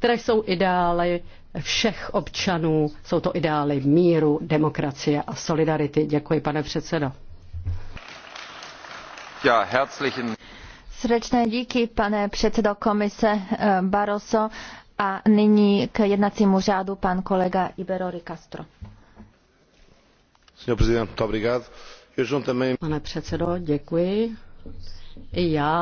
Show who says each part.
Speaker 1: které jsou ideály všech občanů. Jsou to ideály míru, demokracie a solidarity. Děkuji, pane předsedo.
Speaker 2: Ja, herzlichen...
Speaker 3: Srdečné díky, pane předsedo komise eh, Barroso. A nyní k jednacímu řádu pan kolega Ibero Ricastro.
Speaker 4: Pane předsedo, děkuji.
Speaker 5: I já